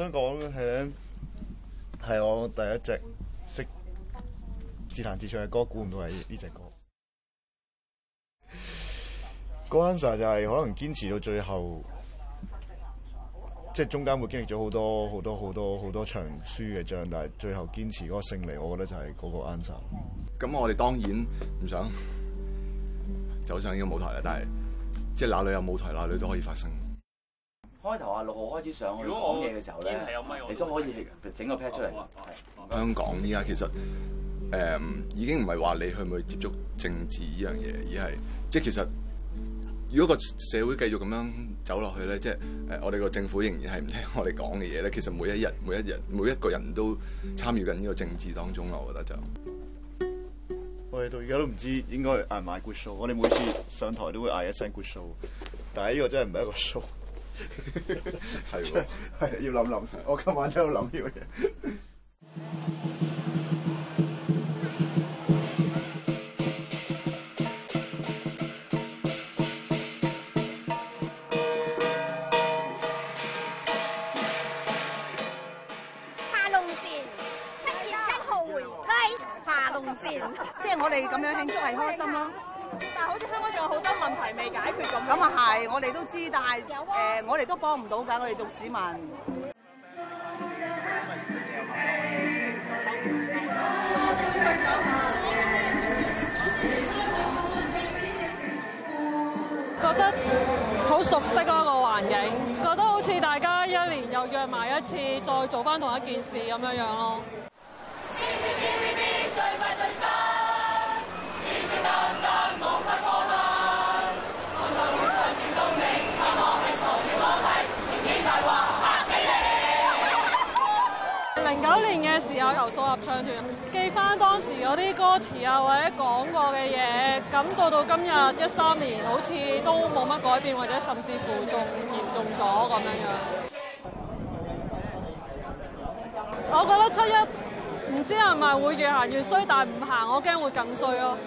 我想講嘅係呢，係我第一隻識自彈自唱嘅歌，估唔到係呢隻歌。answer 就係、是、可能堅持到最後，即、就、係、是、中間會經歷咗好多好多好多好多場輸嘅仗，但係最後堅持嗰個勝利，我覺得就係嗰個 answer。咁我哋當然唔想走上呢個舞台，但係即係哪裏有舞台，哪裏都可以發生。開頭啊，六號開始上去，如果講嘢嘅時候咧，係有咪你都可以整個 pat 出嚟。香港依家其實誒、嗯、已經唔係話你去唔去接觸政治呢樣嘢，而係即係其實如果個社會繼續咁樣走落去咧，即係誒、啊、我哋個政府仍然係唔聽我哋講嘅嘢咧。其實每一日每一日每一個人都參與緊呢個政治當中咯，我覺得就我哋到而家都唔知應該嗌唔嗌 good show。我哋每次上台都會嗌一聲 good show，但係呢個真係唔係一個 show。係，係要諗諗， 我今晚真係要諗呢個嘢。咁啊係我哋都知，但係誒、啊呃、我哋都幫唔到㗎，我哋做市民。覺得好熟悉嗰、啊這個環境，覺得好似大家一年又約埋一次，再做翻同一件事咁樣樣咯。 嘅時候投訴合唱團，記翻當時嗰啲歌詞啊，或者講過嘅嘢，感覺到今日一三年好似都冇乜改變，或者甚至乎仲嚴重咗咁樣樣。我覺得七一唔知係咪會越行越衰，但係唔行我驚會更衰咯。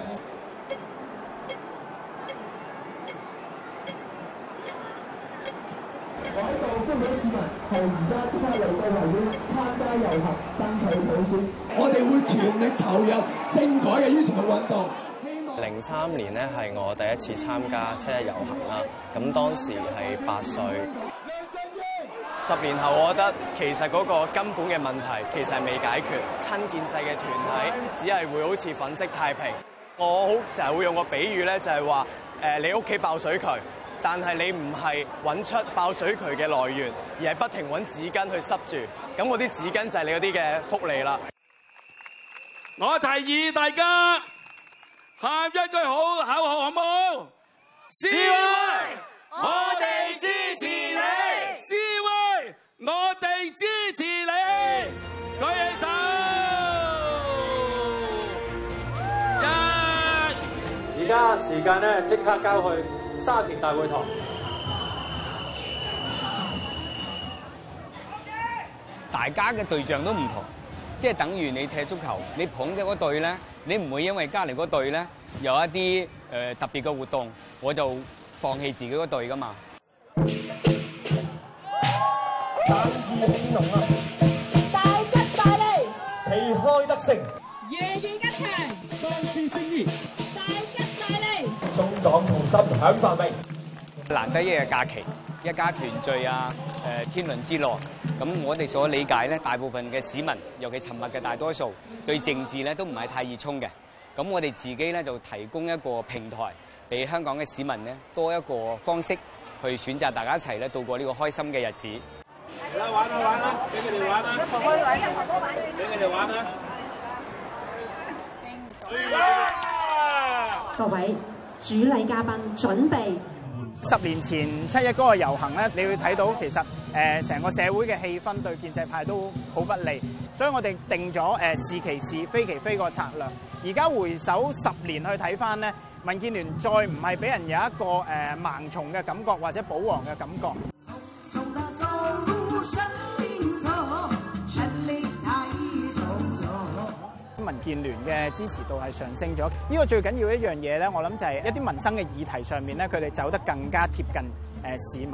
我喺度歡迎市民和現在，係而家即刻與到嚟去參加遊行，爭取普選。我哋會全力投入政改嘅宣傳運動。希望零三年咧，係我第一次參加七一遊行啦。咁當時係八歲。十年後，我覺得其實嗰個根本嘅問題其實未解決。親建制嘅團體只係會好似粉飾太平。我好成日會用個比喻咧，就係話誒，你屋企爆水渠。但係你唔係揾出爆水渠嘅來源，而係不停揾紙巾去濕住，咁我啲紙巾就係你嗰啲嘅福利啦。我提議大家喊一句好口號，好唔好？CY，我哋支持你！CY，y, 我哋支持你！四舉起手！好一，而家時間咧即刻交去。沙田大會堂，大家嘅對象都唔同，即係等於你踢足球，你捧嘅嗰隊咧，你唔會因為隔離嗰隊咧有一啲、呃、特別嘅活動，我就放棄自己嗰隊噶嘛。心享發明，難得一日假期，一家團聚啊！誒，天倫之樂。咁我哋所理解咧，大部分嘅市民，尤其沉默嘅大多數，對政治咧都唔係太熱衷嘅。咁我哋自己咧就提供一個平台，俾香港嘅市民咧多一個方式去選擇，大家一齊咧度過呢個開心嘅日子。嚟啦，玩啦，玩啦，俾佢哋玩啦。放開玩，放開玩，俾佢哋玩啦。各位。主禮嘉賓準備。十年前七一嗰個遊行咧，你會睇到其實誒成、呃、個社會嘅氣氛對建制派都好不利，所以我哋定咗誒是其是非其非個策略。而家回首十年去睇翻咧，民建聯再唔係俾人有一個誒盲從嘅感覺或者保皇嘅感覺。或者唔建聯嘅支持度係上升咗，呢個最緊要一樣嘢咧，我諗就係一啲民生嘅議題上面咧，佢哋走得更加貼近誒市民。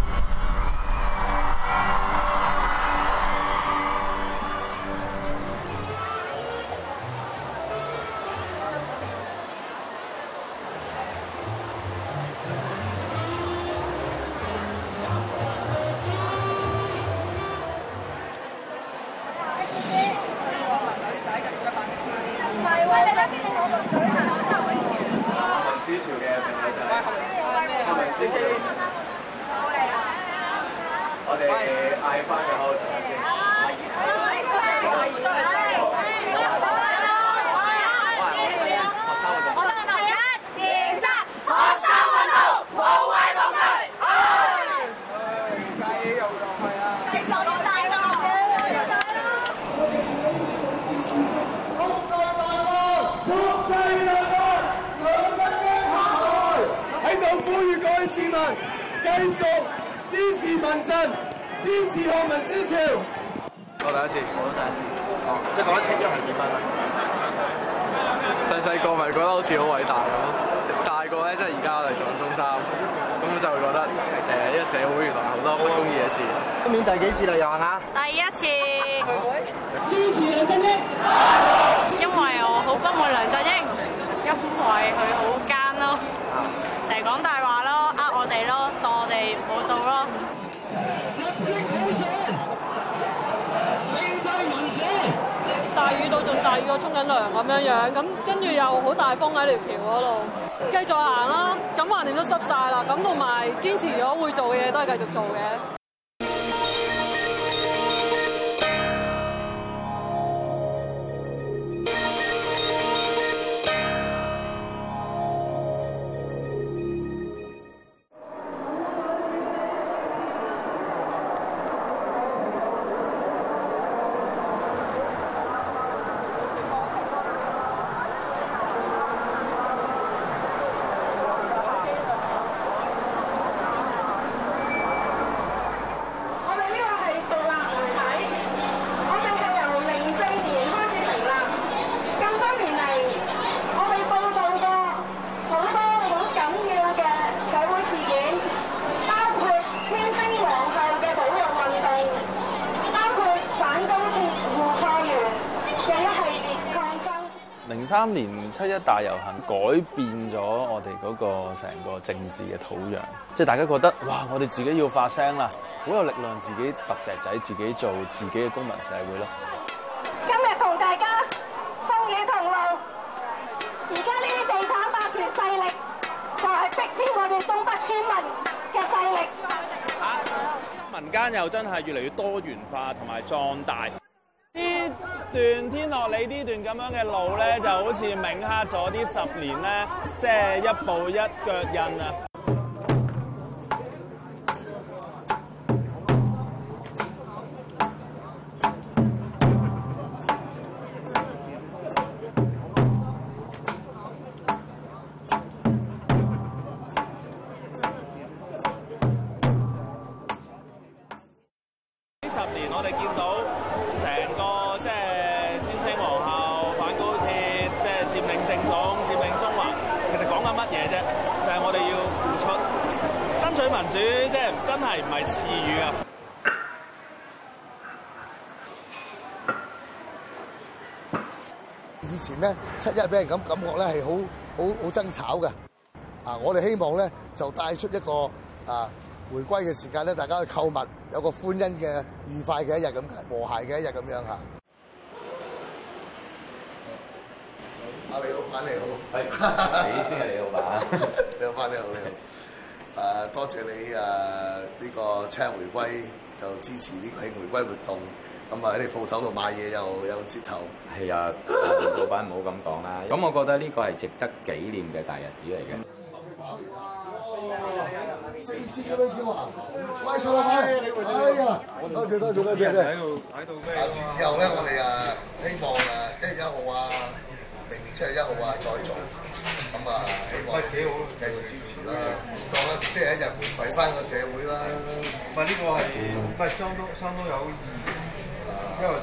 繼續支持民陣，支持學民思潮。我第一次，我都第一次。哦，即係講得清楚係點樣？細細個咪覺得好似好偉大咯。大個咧，即係而家我哋上中三，咁就覺得誒，呢個社會仲係原來好多唔公義嘅事。今年第幾次嚟遊行啊？第一次。啊、會唔會？支持梁振英。因為我好不滿梁振英，因為佢好奸咯，成日講大話。我到啦！綠色好線，綠帶文大雨到仲大雨，我沖緊涼咁樣樣，咁跟住又好大風喺條橋嗰度，繼續行啦。咁橫掂都濕曬啦，咁同埋堅持咗會做嘅嘢都係繼續做嘅。三年七一大遊行改變咗我哋個成個政治嘅土壤，即係大家覺得哇，我哋自己要發聲啦，好有力量，自己揼石仔，自己做自己嘅公民社會咯。今日同大家風雨同路，而家呢啲地產霸權勢力就係逼遷我哋東北村民嘅勢力。民間又真係越嚟越多元化同埋壯大。呢段天樂里這段這呢段咁樣嘅路咧，就好似銘刻咗啲十年咧，即、就、係、是、一步一腳印啊！呢十年我哋見到。主即係真係唔係詞語啊！以前咧，七一俾人咁感覺咧係好好好爭吵嘅啊！我哋希望咧就帶出一個啊，回歸嘅時間咧，大家去購物有個歡欣嘅愉快嘅一日咁嘅和諧嘅一日咁樣嚇。阿李老闆你好，係，你先係李老闆啊！李老闆你好，你好。你好 你好你好誒多謝你誒呢個七一回歸就支持呢個慶回歸活動，咁啊喺你鋪頭度買嘢又有折頭。係啊，老闆唔好咁講啦。咁我覺得呢個係值得紀念嘅大日子嚟嘅。四千幾蚊票啊！乖，傻仔，你嚟啦！多謝多謝多謝。喺度喺度咩啊？下次以後咧，我哋啊，希望啊，一月一號啊。明年七一號啊，再做咁啊，希望繼續支持啦。當、啊就是、一即係日回饋翻個社會啦。唔係呢個係唔係相當相當有意義，啊、因為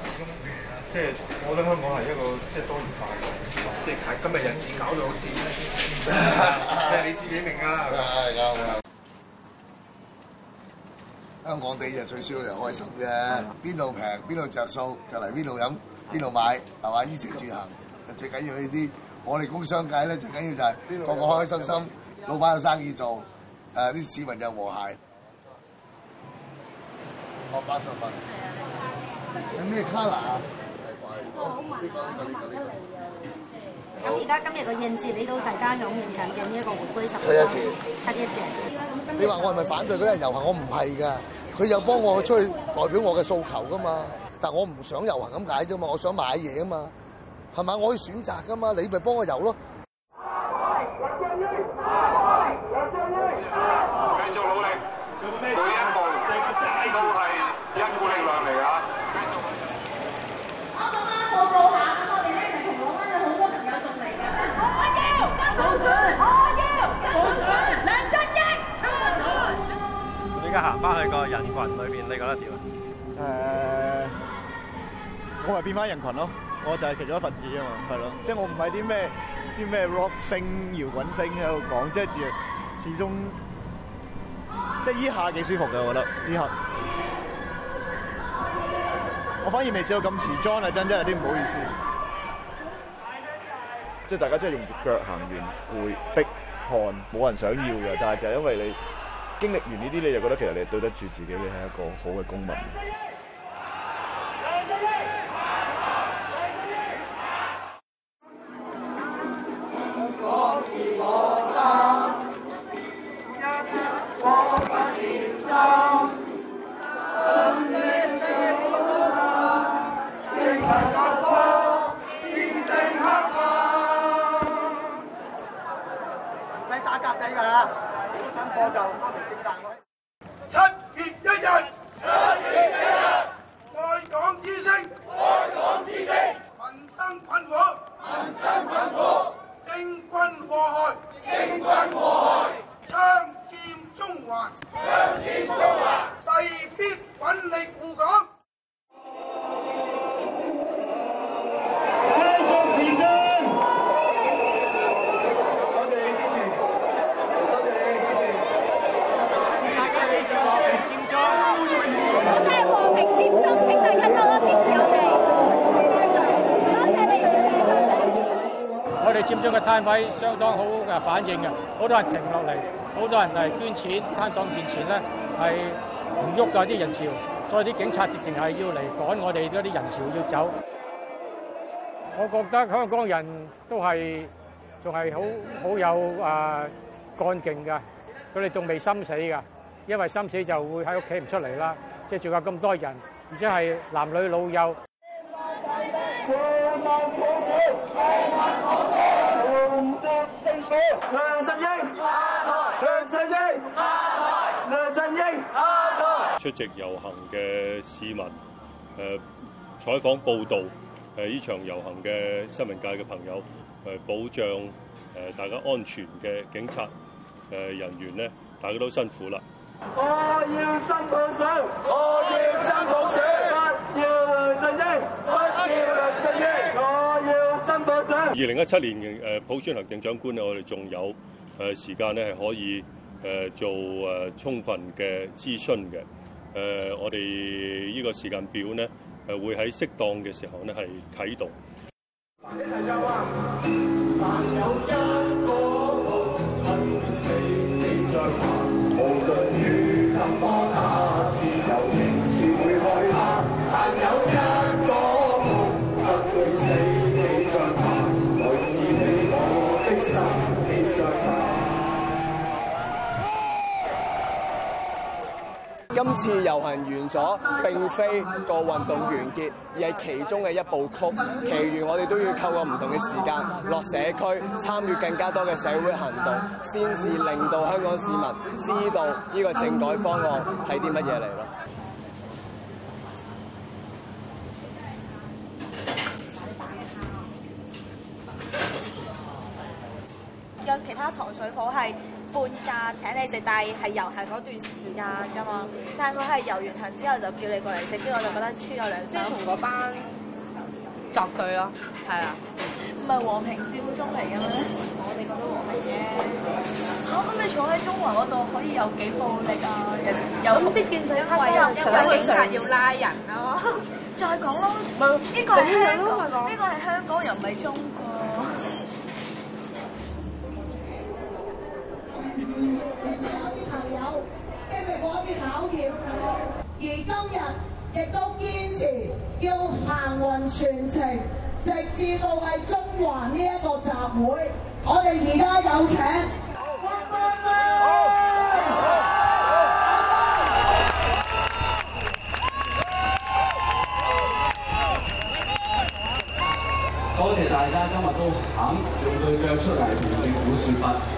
即係、就是、我覺得香港係一個即係、就是、多元化的城市，即係今日日子搞到好似即係你自己明啊啦。吧香港地就最少要開開心嘅，邊度平邊度着數就嚟邊度飲邊度買，係嘛？衣食住行。最緊要呢啲，我哋工商界咧最緊要就係個個開開心心，老闆有生意做，誒啲市民又和諧、啊。我八十份，有咩卡啦？咁而家今日個應節，你都大家有唔同嘅一個回歸七一，七一嘅。你話我係咪反對嗰啲遊行？我唔係噶，佢有幫我出去代表我嘅訴求噶嘛。但係我唔想遊行咁解啫嘛，我想買嘢啊嘛。係咪我可以選擇噶嘛？你咪幫我游咯！阿偉，繼續努力，做每一步，大家知係一股力量嚟啊！我咁啱我冇下，咁我哋咧就同我班有好多朋友仲嚟㗎。我要，真普選，我要真普選，梁振英，真普選。依家行翻去個人群裏邊，你覺得點啊？誒、呃，我咪變翻人群咯。我就係其中一份子啫嘛，係咯，即係我唔係啲咩啲咩 rock 星、搖滾星喺度講，即係自始終即係依下幾舒服嘅，我覺得依下。我反而未試過咁時裝啊，真真有啲唔好意思。即係、嗯、大家真係用隻腳行完，攰、逼、汗，冇人想要嘅，但係就係因為你經歷完呢啲，你就覺得其實你對得住自己，你係一個好嘅公民。打格地嘅嚇，本身破就光明正大咯。七月一日，七月一日，愛港之聲，愛港之聲，民生困苦，民生困苦，政軍禍害，政軍禍害，搶佔中環，搶佔中環，誓必奮力護港。你佔咗個攤位，相當好嘅反應嘅，好多人停落嚟，好多人嚟捐錢，攤檔面前咧，係唔喐噶啲人潮，所以啲警察直情係要嚟趕我哋嗰啲人潮要走。我覺得香港人都係仲係好好有啊幹勁㗎，佢哋仲未心死㗎，因為心死就會喺屋企唔出嚟啦。即係仲有咁多人，而且係男女老幼。出席遊行嘅市民，誒，採訪報道，誒，呢場遊行嘅新聞界嘅朋友，誒，保障誒大家安全嘅警察，誒，人員呢，大家都辛苦啦。我要真普選，我要真普選，不要梁振英，要梁振英，我要真保障。二零一七年普川行政長官，我哋仲有誒時間咧，係可以誒做誒充分嘅諮詢嘅。誒，我哋呢個時間表咧，誒會喺適當嘅時候咧，係有動。今次遊行完咗，並非個運動完結，而係其中嘅一部曲。其餘我哋都要透過唔同嘅時間落社區，參與更加多嘅社會行動，先至令到香港市民知道呢個政改方案係啲乜嘢嚟咯。有其他糖水鋪係半價請你食，但係係遊行嗰段時間㗎嘛。但係佢係遊完行之後就叫你過嚟食，跟住我就覺得超有良心。即係同嗰班作對咯，係啊。唔係和平佔中嚟㗎咩？我哋覺得和平啫。嚇！咁你坐喺中環嗰度可以有幾暴力啊？有啲變相因為因為警察要拉人咯。再講咯，呢個係香港，呢個係香港，又唔係中國。有啲朋友經歷嗰啲考驗，嗯、而今日亦都堅持要行完全程，直至到係中環呢一個集會。好我哋而家有請，多謝大家今日都肯用對腳出嚟同政府説法。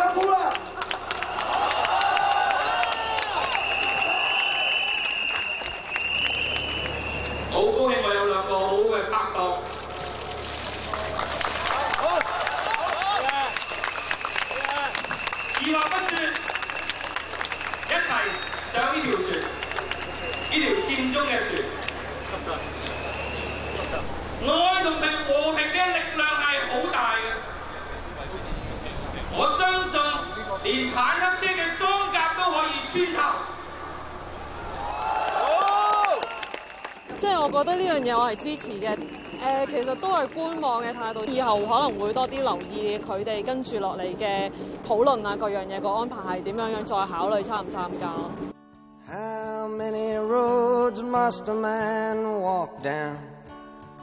力量係好大嘅，我相信連坦克車嘅裝甲都可以穿透。好，即係我覺得呢樣嘢我係支持嘅。呃，其實都係觀望嘅態度，以後可能會多啲留意佢哋跟住落嚟嘅討論啊，各樣嘢個安排係點樣樣，再考慮參唔參加。